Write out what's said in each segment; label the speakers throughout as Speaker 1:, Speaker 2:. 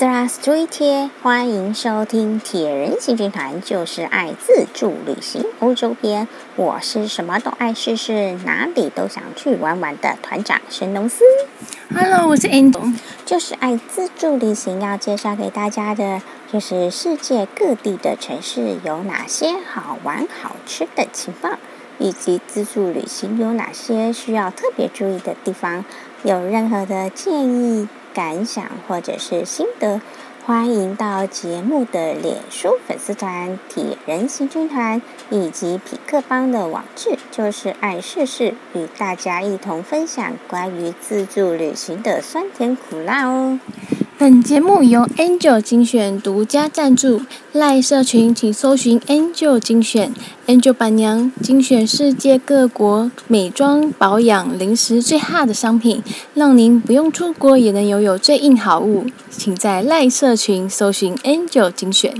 Speaker 1: There are three 貼，歡迎收聽《鐵人行軍團》，就是愛自助旅行歐洲篇。我是什麼都愛試試，哪裡都想去玩玩的團長神農司。哈嘍，l l o 我是安東。就是愛自助旅行，要介紹給大家的，就是世界各地的城市有哪些好玩好吃的情況，以及自助旅行有哪些需要特別注意的地方。有任何的建議，感想、或者是心得，歡迎到節目的臉書粉絲團體“人形軍團”以及痞客邦的網誌，就是愛試試，與大家一同分享關於自助旅行的
Speaker 2: 酸甜苦辣哦。本節目由 Angel 精選獨家贊助，賴社群請搜尋 Angel 精選。Angel 板娘精選世界各國美妝、保養、零食最夯的商品，讓您不用出國也能擁有最硬好物。請在賴社群搜尋 Angel 精選。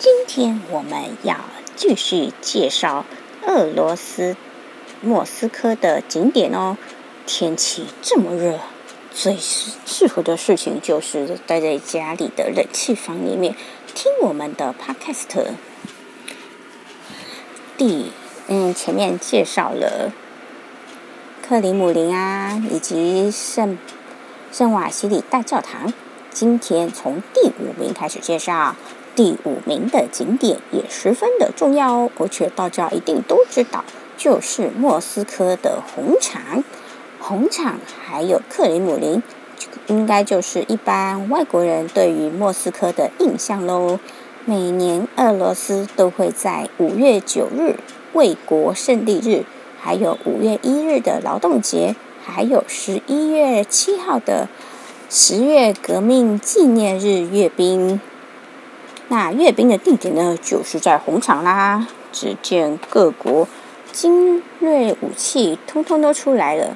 Speaker 2: 今天我們要
Speaker 1: 繼續介紹俄羅斯莫斯科的景點哦。天氣這麼熱，最適合的事情就是待在家裡的冷氣房裡面聽我們的 podcast。第，嗯，前面介紹了克里姆林啊以及聖聖瓦西里大教堂，今天從第五名開始介紹，第五名的景點也十分的重要哦，而且大家一定都知道，就是莫斯科的紅場。紅場還有克里姆林，應該就是一般外國人對於莫斯科的印象嘍。每年俄羅斯都會在五月九日衛國勝利日，還有五月一日的勞動節，還有十一月七號的十月革命紀念日閱兵。那閱兵的地點呢，就是在紅場啦。只見各國精銳武器通通都出來了。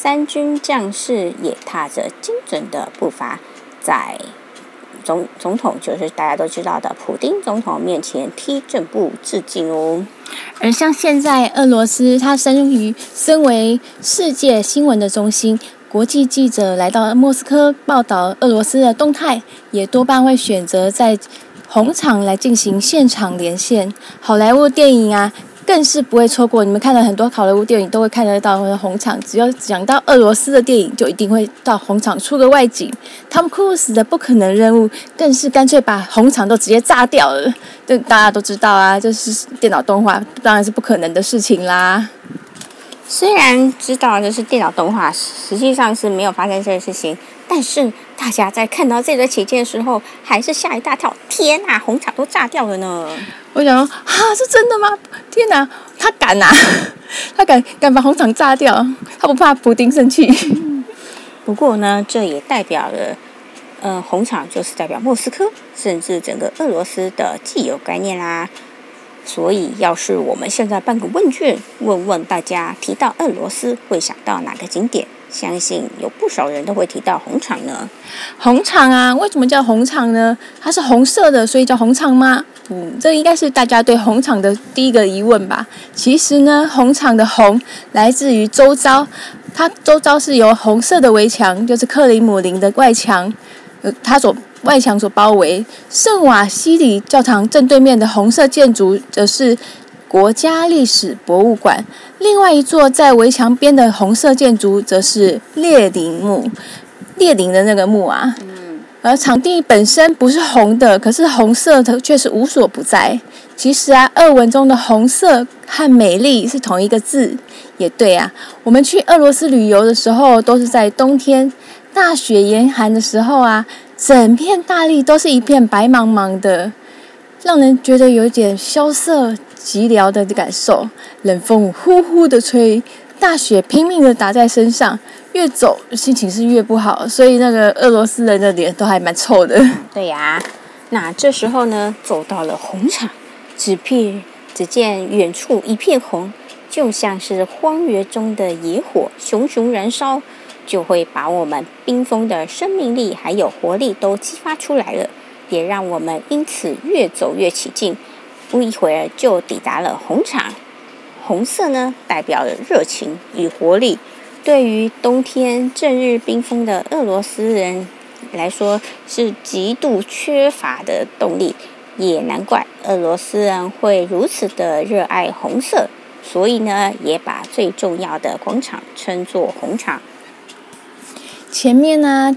Speaker 1: 三軍將士也踏着精準的步伐，在總總統，就是大家都
Speaker 2: 知道的普丁總統面前踢正步致敬哦。而像現在俄羅斯，它生於身為世界新聞的中心，國際記者來到莫斯科報道俄羅斯的動態，也多半會選擇在紅場來進行現場連線。好萊塢電影啊。更是不會錯過。你們看了很多好萊塢電影，都會看得到紅場。只要講到俄羅斯的電影，就一定會到紅場出個外景。《湯姆克魯斯的不可能任務》更是乾脆把紅場都直接炸掉了。這大家都知道啊，這、就是電腦動畫，當然是不可能的事情啦。雖然知道這、就是電腦動畫，實際上是沒有發
Speaker 1: 生這件事情，但是。大家在看到這個起見的時候，還是嚇一大跳。天哪，紅場都炸掉了呢！
Speaker 2: 我想說，啊，是真的嗎？天哪，他敢啊，他敢敢把紅場炸掉？他不怕普丁生氣？
Speaker 1: 不過呢，這也代表了，呃，紅場就是代表莫斯科，甚至整個俄羅斯的既有概念啦。所以，要是我們現在辦個問卷，問問大家提到俄羅斯會想到哪個景點？相信有不少
Speaker 2: 人都會提到紅場呢，紅場啊，為什麼叫紅場呢？它是紅色的，所以叫紅場嗎？嗯，這應該是大家對紅場的第一個疑問吧。其實呢，紅場的紅來自於周遭，它周遭是由紅色的圍牆，就是克里姆林的外牆，呃，它所外牆所包圍。聖瓦西里教堂正對面的紅色建築則是。國家歷史博物館，另外一座在圍牆邊的紅色建築，則是列寧墓，列寧的那個墓啊。而場地本身不是紅的，可是紅色的卻是無所不在。其實啊，俄文中的“紅色”和“美麗”是同一個字。也對啊，我們去俄羅斯旅遊的時候，都是在冬天大雪嚴寒的時候啊，整片大地都是一片白茫茫的。讓人覺得有一點蕭瑟寂寥的感受，冷風呼呼的吹，大雪拼命的打在身上，越走心情是越不好，所以那個俄羅斯人的臉都還蠻臭的。對呀、啊，那這時
Speaker 1: 候呢，走到了紅場，只片只見遠處一片紅，就像是荒原中的野火熊熊燃燒，就會把我們冰封的生命力還有活力都激發出來了。也讓我們因此越走越起勁，不一會兒就抵達了紅場。紅色呢，代表了熱情與活力，對於冬天正日冰封的俄羅斯人來說是極度缺乏的動力，也難怪俄羅斯人會如此的熱愛紅色。所以呢，
Speaker 2: 也把最
Speaker 1: 重要的廣場稱作紅場。
Speaker 2: 前面呢、啊，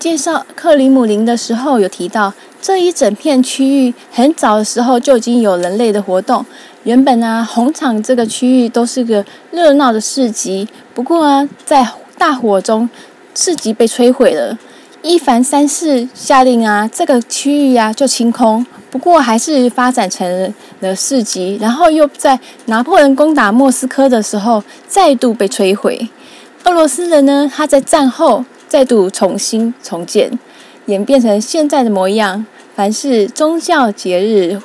Speaker 2: 介紹克里姆林的時候有提到。這一整片區域很早的時候就已經有人類的活動。原本呢、啊，紅場這個區域都是個熱鬧的市集。不過呢、啊，在大火中，市集被摧毀了。伊凡三世下令啊，這個區域啊就清空。不過還是發展成了市集。然後又在拿破崙攻打莫斯科的時候再度被摧毀。俄羅斯人呢，他在戰後再度重新重建，演變成現在的模樣。凡是宗教節日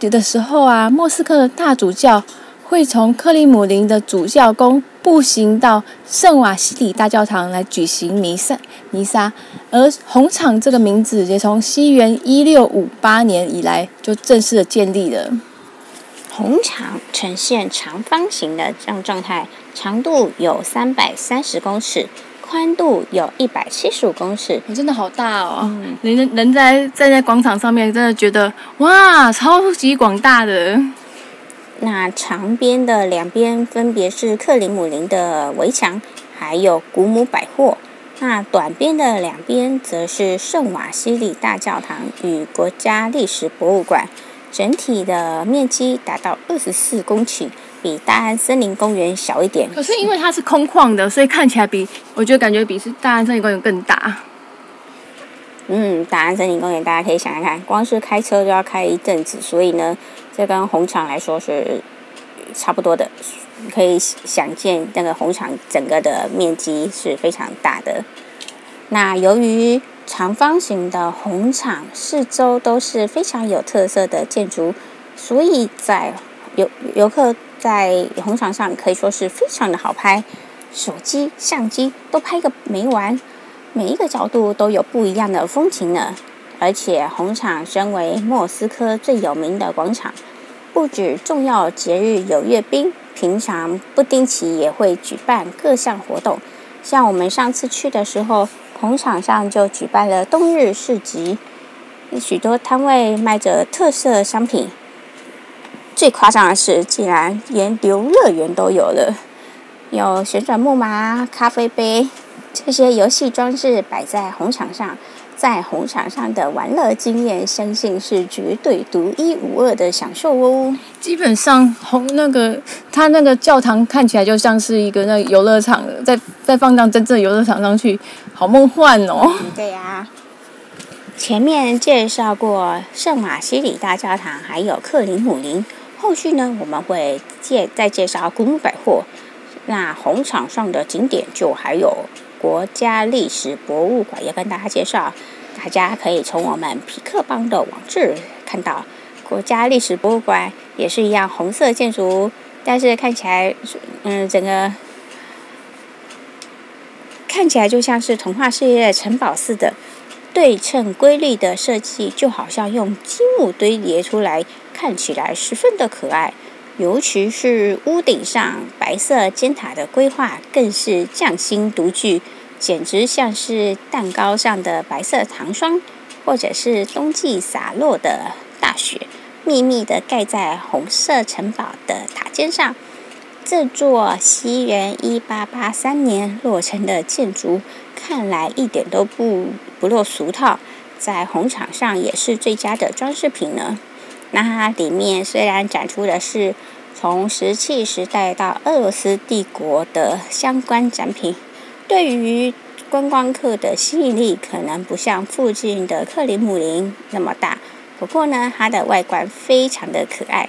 Speaker 2: 的的時候啊，莫斯科的大主教會從克里姆林的主教宮步行到聖瓦西里大教堂來舉行彌撒。彌撒，而紅場這個名字也從西元一六五八年以來就正式的建立了。紅場
Speaker 1: 呈現長方形的這樣狀態，長度有三百三十公尺。寬度
Speaker 2: 有一百七十五公尺。哦，真的好大哦！嗯，人人在站在廣場上面，真的覺得哇，超級廣大的。那長邊的
Speaker 1: 兩邊分別是克里姆林的圍牆，還有古姆百貨；那短邊的兩邊則是聖瓦西里大教堂與國家歷史博物館。整體的面積達到二十四公頃。比大安森林公園小一點，可
Speaker 2: 是因為它是空曠的，嗯，所以看起來比我覺得感覺比是大安森林公園更大。嗯，大
Speaker 1: 安森林公園大家可以想，想想看，光是開車就要開一陣子，所以呢，這跟紅場來說是差不多的。可以想見，那個紅場整個的面積是非常大的。那由於長方形的紅場四周都是非常有特色的建築，所以在遊遊客。在紅場上可以說是非常的好拍，手機、相機都拍個沒完，每一個角度都有不一樣的風情呢。而且紅場身為莫斯科最有名的廣場，不止重要節日有閱兵，平常不定期也會舉辦各項活動。像我們上次去的時候，紅場上就舉辦了冬日市集，許多攤位賣着特色商品。最誇張的是，竟然連遊樂園都有了，有旋轉木馬、咖啡杯這些遊戲裝置擺在紅場上，在紅場上的玩樂經驗，相信是
Speaker 2: 絕對獨一無二的享受哦。基本上，紅那個它那個教堂看起來就像是一個那遊樂場了，再再放到真正遊樂場上去，好夢幻哦。嗯、
Speaker 1: 對呀、啊，
Speaker 2: 前面
Speaker 1: 介紹過聖馬西里大教堂，還有克里姆林。後續呢，我們會介再介紹古姆百貨。那紅場上的景點就還有國家歷史博物館，要跟大家介紹。大家可以從我們痞客邦的網誌看到，國家歷史博物館也是一樣紅色建築，但是看起來，嗯，整個看起來就像是童話世界的城堡似的，對稱規律的設計，就好像用積木堆疊出來。看起來十分的可愛，尤其是屋頂上白色尖塔的規劃更是匠心獨具，簡直像是蛋糕上的白色糖霜，或者是冬季灑落的大雪，密密的蓋在紅色城堡的塔尖上。這座西元一八八三年落成的建築，看來一點都不不落俗套，在紅場上也是最佳的裝飾品呢。那它裡面雖然展出的是從石器時代到俄羅斯帝國的相關展品，對於觀光客的吸引力可能不像附近的克里姆林那麼大。不過呢，它的外觀非常的可愛，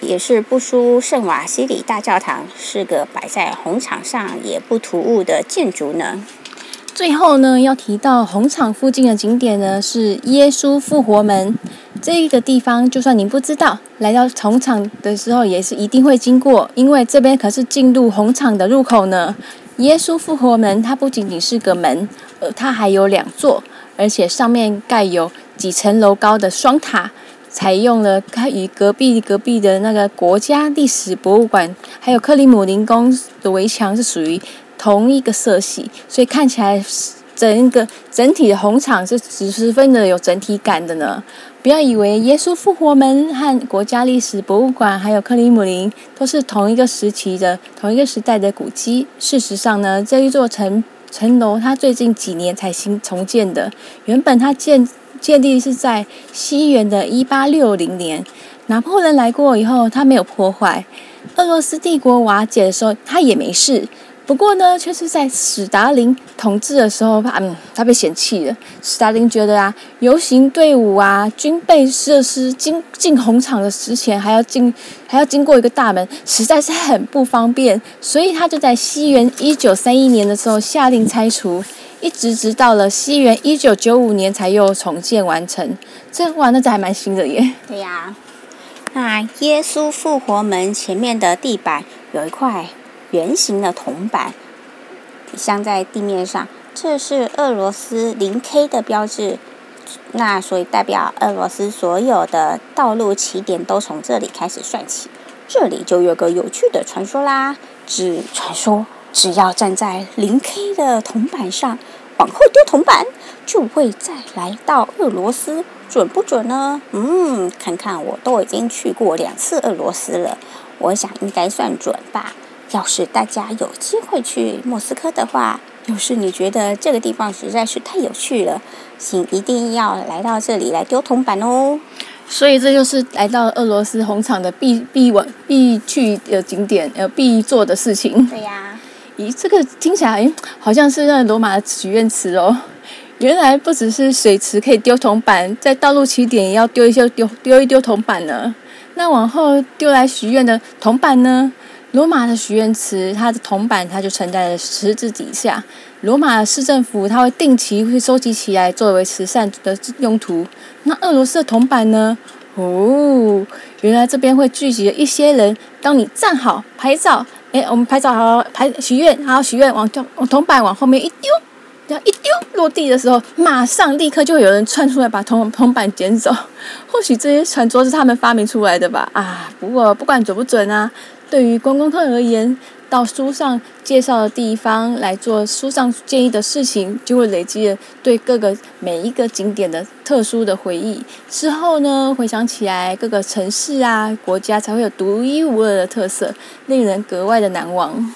Speaker 1: 也是不輸聖瓦西里大教堂，是個擺在紅場上也不突兀的建築呢。
Speaker 2: 最後呢，要提到紅場附近的景點呢，是耶穌復活門。這一個地方，就算您不知道，來到紅場的時候也是一定會經過，因為這邊可是進入紅場的入口呢。耶穌復活門，它不僅僅是個門，呃，它還有兩座，而且上面蓋有幾層樓高的雙塔，採用了它與隔壁隔壁的那個國家歷史博物館，還有克里姆林宮的圍牆是屬於。同一個色系，所以看起來整一個整體的紅場是十十分的有整體感的呢。不要以為耶穌復活門和國家歷史博物館還有克里姆林都是同一個時期的、同一個時代的古蹟。事實上呢，這一座城城樓它最近幾年才新重建的。原本它建建立是在西元的一八六零年，拿破崙來過以後，它沒有破壞；俄羅斯帝國瓦解的時候，它也沒事。不過呢，卻是在史達林統治的時候，嗯，他被嫌棄了。史達林覺得啊，遊行隊伍啊，軍備設施進進紅場的之前，還要進還要經過一個大門，實在是很不方便，所以他就在西元一九三一年的時候下令拆除，一直直到了西元一九九五年才又重建完成。這玩那這個、還蠻新的耶。
Speaker 1: 對呀、啊，那、
Speaker 2: 啊、耶穌復活門前面的
Speaker 1: 地板有一塊。圓形的銅板鑲在地面上，這是俄羅斯零 K 的標誌。那所以代表俄羅斯所有的道路起點都從這裡開始算起。這裡就有個有趣的傳說啦，只傳說：只要站在零 K 的銅板上，往後丟銅板，就會再來到俄羅斯，準不準呢？嗯，看看我都已經去過兩次俄羅斯了，我想應該算準吧。要是大家有機會去莫斯科的話，要、就是你覺得這個地方實在是太有趣了，請一定要來到這裡來丟銅板
Speaker 2: 哦。所以這就是來到俄羅斯紅場的必必玩必去的景點，呃，必做的事情。對呀、啊，咦，這個聽起來，好像是那羅馬的許願池哦。原來不只是水池可以丟銅板，在道路起點也要丟一丟丟一丟銅板呢。那往後丟來許願的銅板呢？羅馬的許願池，它的銅板它就存在在池子底下。羅馬的市政府它會定期會收集起來作為慈善的用途。那俄羅斯的銅板呢？哦，原來這邊會聚集了一些人。當你站好拍照，哎，我們拍照好拍許願，好好許願往銅板往後面一丟，然後一丟落地的時候，馬上立刻就會有人竄出來把銅銅板撿走。或許這些傳說是他們發明出來的吧？啊，不過不管準不準啊。對於觀光客而言，到書上介紹的地方來做書上建議的事情，就會累積了對各個每一個景點的特殊的回憶。之後呢，回想起來各個城市啊、國家才會有獨一無二的特色，令人格外的難忘。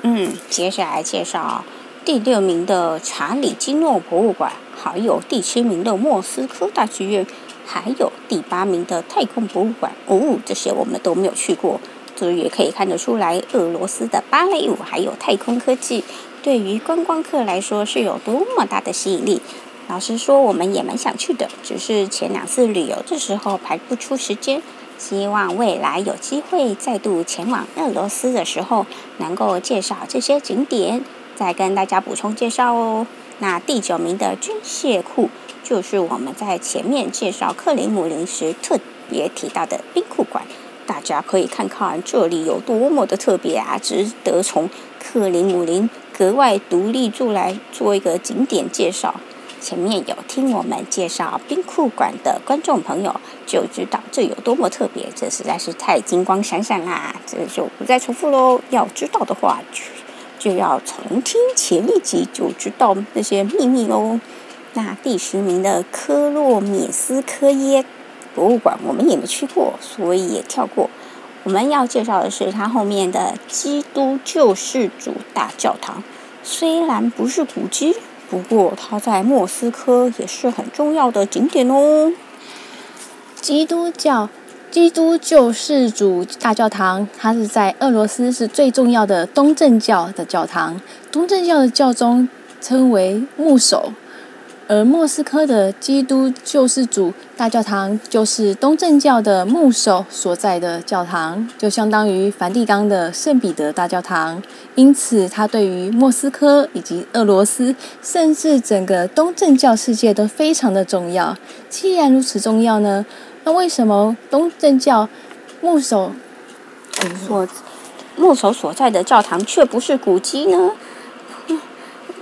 Speaker 2: 嗯，接下來介紹第六
Speaker 1: 名的查理金諾博物館，還有第七名的莫斯科大劇院，還有第八名的太空博物館。哦，這些我們都沒有去過。所以也可以看得出來，俄羅斯的芭蕾舞還有太空科技，對於觀光客來說是有多麼大的吸引力。老實說，我們也蠻想去的，只是前兩次旅遊的時候排不出時間。希望未來有機會再度前往俄羅斯的時候，能夠介紹這些景點，再跟大家補充介紹哦。那第九名的軍械庫，就是我們在前面介紹克里姆林時特別提到的兵庫館。大家可以看看這裡有多麼的特別啊，值得從克里姆林格外獨立出來做一個景點介紹。前面有聽我們介紹兵庫館的觀眾朋友就知道這有多麼特別，這實在是太金光閃閃啦、啊，這就不再重複嘍。要知道的話就，就要重聽前一集就知道那些秘密嘍。那第十名的科洛米斯科耶，博物館我們也沒去過，所以也跳過。我們要介紹的是它後面的基督救世主大教堂。雖然不是古
Speaker 2: 跡，不過它在莫斯科也是很重要的景點哦。基督教、基督救世主大教堂，它是在俄羅斯是最重要的東正教的教堂。東正教的教宗稱為牧首。而莫斯科的基督救世主大教堂就是東正教的牧首所在的教堂，就相當於梵蒂岡的聖彼得大教堂。因此，它對於莫斯科以及俄羅斯，甚至整個東正教世界都非常的重要。既然如此重要呢，那為什麼東正教牧首、嗯、所牧首所
Speaker 1: 在的教堂卻不是古蹟呢？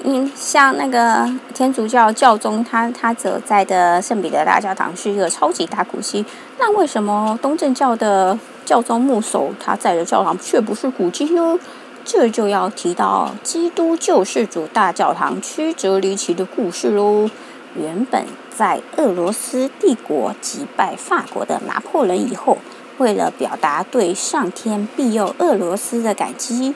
Speaker 1: 嗯，像那個天主教教宗他他所在的聖彼得大教堂是一個超級大古蹟，那為什麼東正教的教宗牧首他在的教堂卻不是古蹟呢？這就要提到基督救世主大教堂曲折離奇的故事嘍。原本在俄羅斯帝國擊敗法國的拿破崙以後，為了表達對上天庇佑俄羅斯的感激。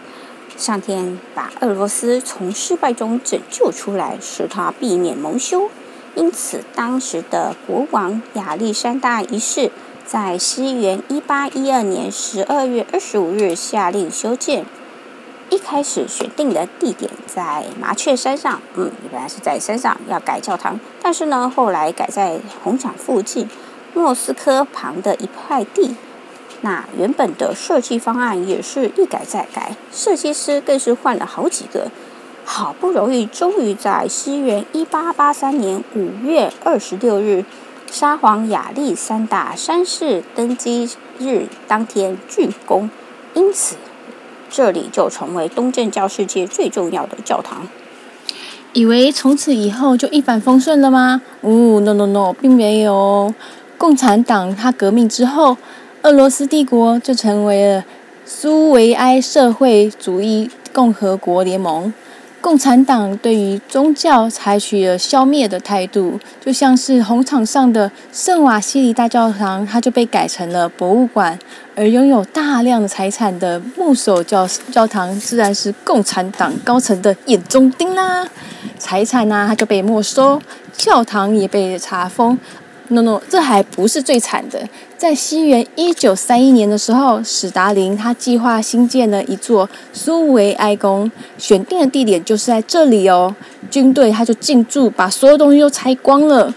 Speaker 1: 上天把俄羅斯從失敗中拯救出來，使他避免蒙羞。因此，當時的國王亞歷山大一世在西元1812年12月25日下令修建。一開始選定的地點在麻雀山上，嗯，本來是在山上要蓋教堂，但是呢，後來改在紅場附近，莫斯科旁的一塊地。那原本的設計方案也是一改再改，設計師更是換了好幾個，好不容易，終於在西元一八八三年五月二十六日，沙皇亞歷山大三世登基日當天竣工，因此這裡就成為東正教世界最重要的教堂。
Speaker 2: 以為從此以後就一帆風順了嗎？唔、哦，no no no，並沒有，共產黨他革命之後。俄羅斯帝國就成為了蘇維埃社會主義共和國聯盟。共產黨對於宗教採取了消滅的態度，就像是紅場上的聖瓦西里大教堂，它就被改成了博物館。而擁有大量財產的牧首教教堂，自然是共產黨高層的眼中釘啦。財產呢，啊，它就被沒收，教堂也被查封。諾諾，這還不是最慘的。在西元一九三一年的時候，史達林他計劃興建了一座蘇維埃宮，選定的地點就是在這裡哦。軍隊他就進駐，把所有東西都拆光了。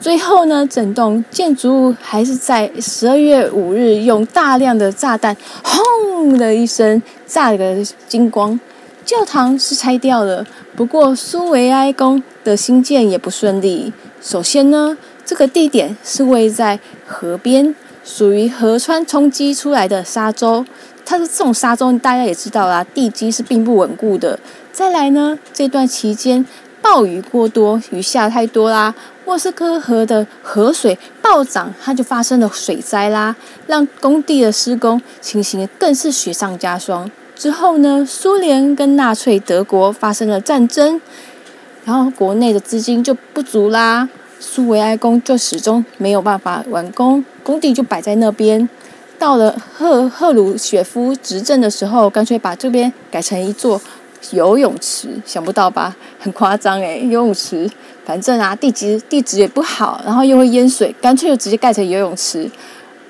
Speaker 2: 最後呢，整棟建築物還是在十二月五日用大量的炸彈，轟的一聲炸了個精光。教堂是拆掉了，不過蘇維埃宮的興建也不順利。首先呢，這個地點是位在河邊。屬於河川沖積出來的沙洲，它的這種沙洲大家也知道啦，地基是並不穩固的。再來呢，這段期間暴雨過多，雨下太多啦，莫斯科河的河水暴漲，它就發生了水災啦，讓工地的施工情形更是雪上加霜。之後呢，蘇聯跟納粹德國發生了戰爭，然後國內的資金就不足啦，蘇維埃宮就始終沒有辦法完工。工地就擺在那邊，到了赫赫魯雪夫執政的時候，乾脆把這邊改成一座游泳池，想不到吧？很誇張誒、欸！游泳池，反正啊，地質地質也不好，然後又會淹水，乾脆就直接蓋成游泳池，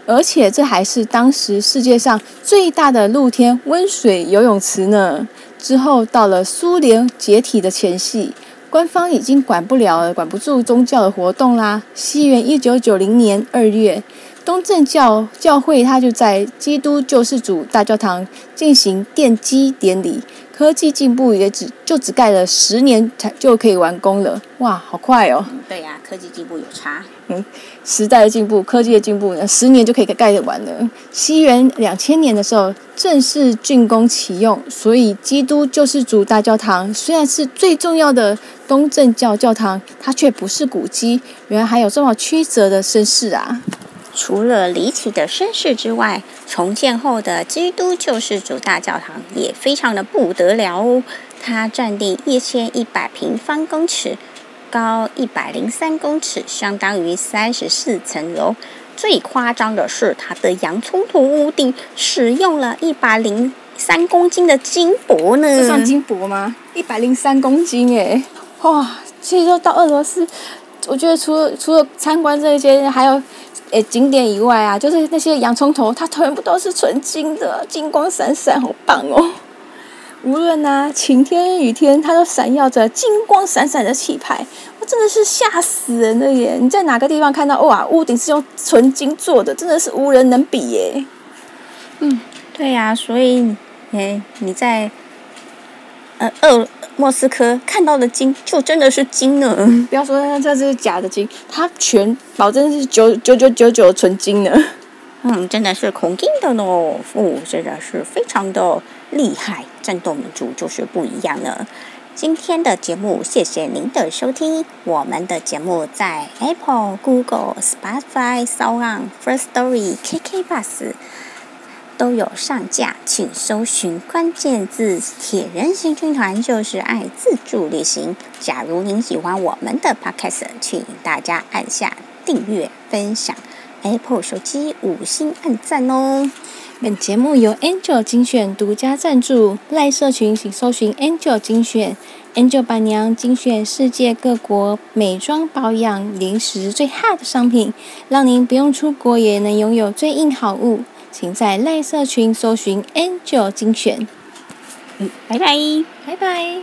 Speaker 2: 而且這還是當時世界上最大的露天溫水游泳池呢。之後到了蘇聯解體的前夕。官方已經管不了了，管不住宗教的活動啦。西元一九九零年二月，東正教教會他就在基督救世主大教堂進行奠基典禮。科技進步也只就只蓋了十年才就可以完工了，哇，好快哦！嗯、
Speaker 1: 對呀、啊，科技進步有差。嗯，
Speaker 2: 時代的進步，科技的進步呢，十年就可以蓋蓋得完了。西元兩千年的時候正式竣工啟用，所以基督救世主大教堂雖然是最重要的東正教教堂，它卻不是古蹟。原來還有這麼曲折的身世啊！
Speaker 1: 除了離奇的身世之外，重建後的基督救世主大教堂也非常的不得了哦。它佔地一千一百平方公尺，高一百零三公尺，相當於三十四層樓哦。最誇張的是，它的洋蔥頭屋頂使用了一百零
Speaker 2: 三公斤的金箔呢。這算金箔嗎？一百零三公斤耶！哇，其實說到俄羅斯，我覺得除了除了參觀這些，還有。哎、欸，景點以外啊，就是那些洋蔥頭，它全部都是純金的，金光閃閃，好棒哦！無論吶、啊、晴天雨天，它都閃耀着金光閃閃的氣派，我真的是嚇死人了耶！你在哪個地方看到哇？屋頂是用純金做的，真的是無人能比耶！嗯，對呀、啊，所以
Speaker 1: 誒、欸，你在。嗯、呃，莫斯科看到的金就真的是金呢，不要說那這是假的金，它全保證是九九九九九純金呢。嗯，真的是純金的呢，哦，真的是非常的厲害，戰鬥民族就是不一樣呢。今天的節目謝謝您的收聽，我們的節目在 Apple、Google、Spotify、SoundOn、Firstory、KK bus 都有上架，請搜尋關鍵字“鐵人行軍團”，就是愛自助旅行。假如您喜歡我們的 podcast，請大家按下訂閱、分享。
Speaker 2: Apple 手機五星按讚哦！本節目由 Angel 精選獨家贊助，賴社群請搜尋 Angel 精選 Angel 板娘精選世界各國美妝保養零食最 hot 的商品，讓您不用出國也能擁有最硬好物。請在賴社群搜尋 Angel 精選，嗯，拜
Speaker 1: 拜，拜拜。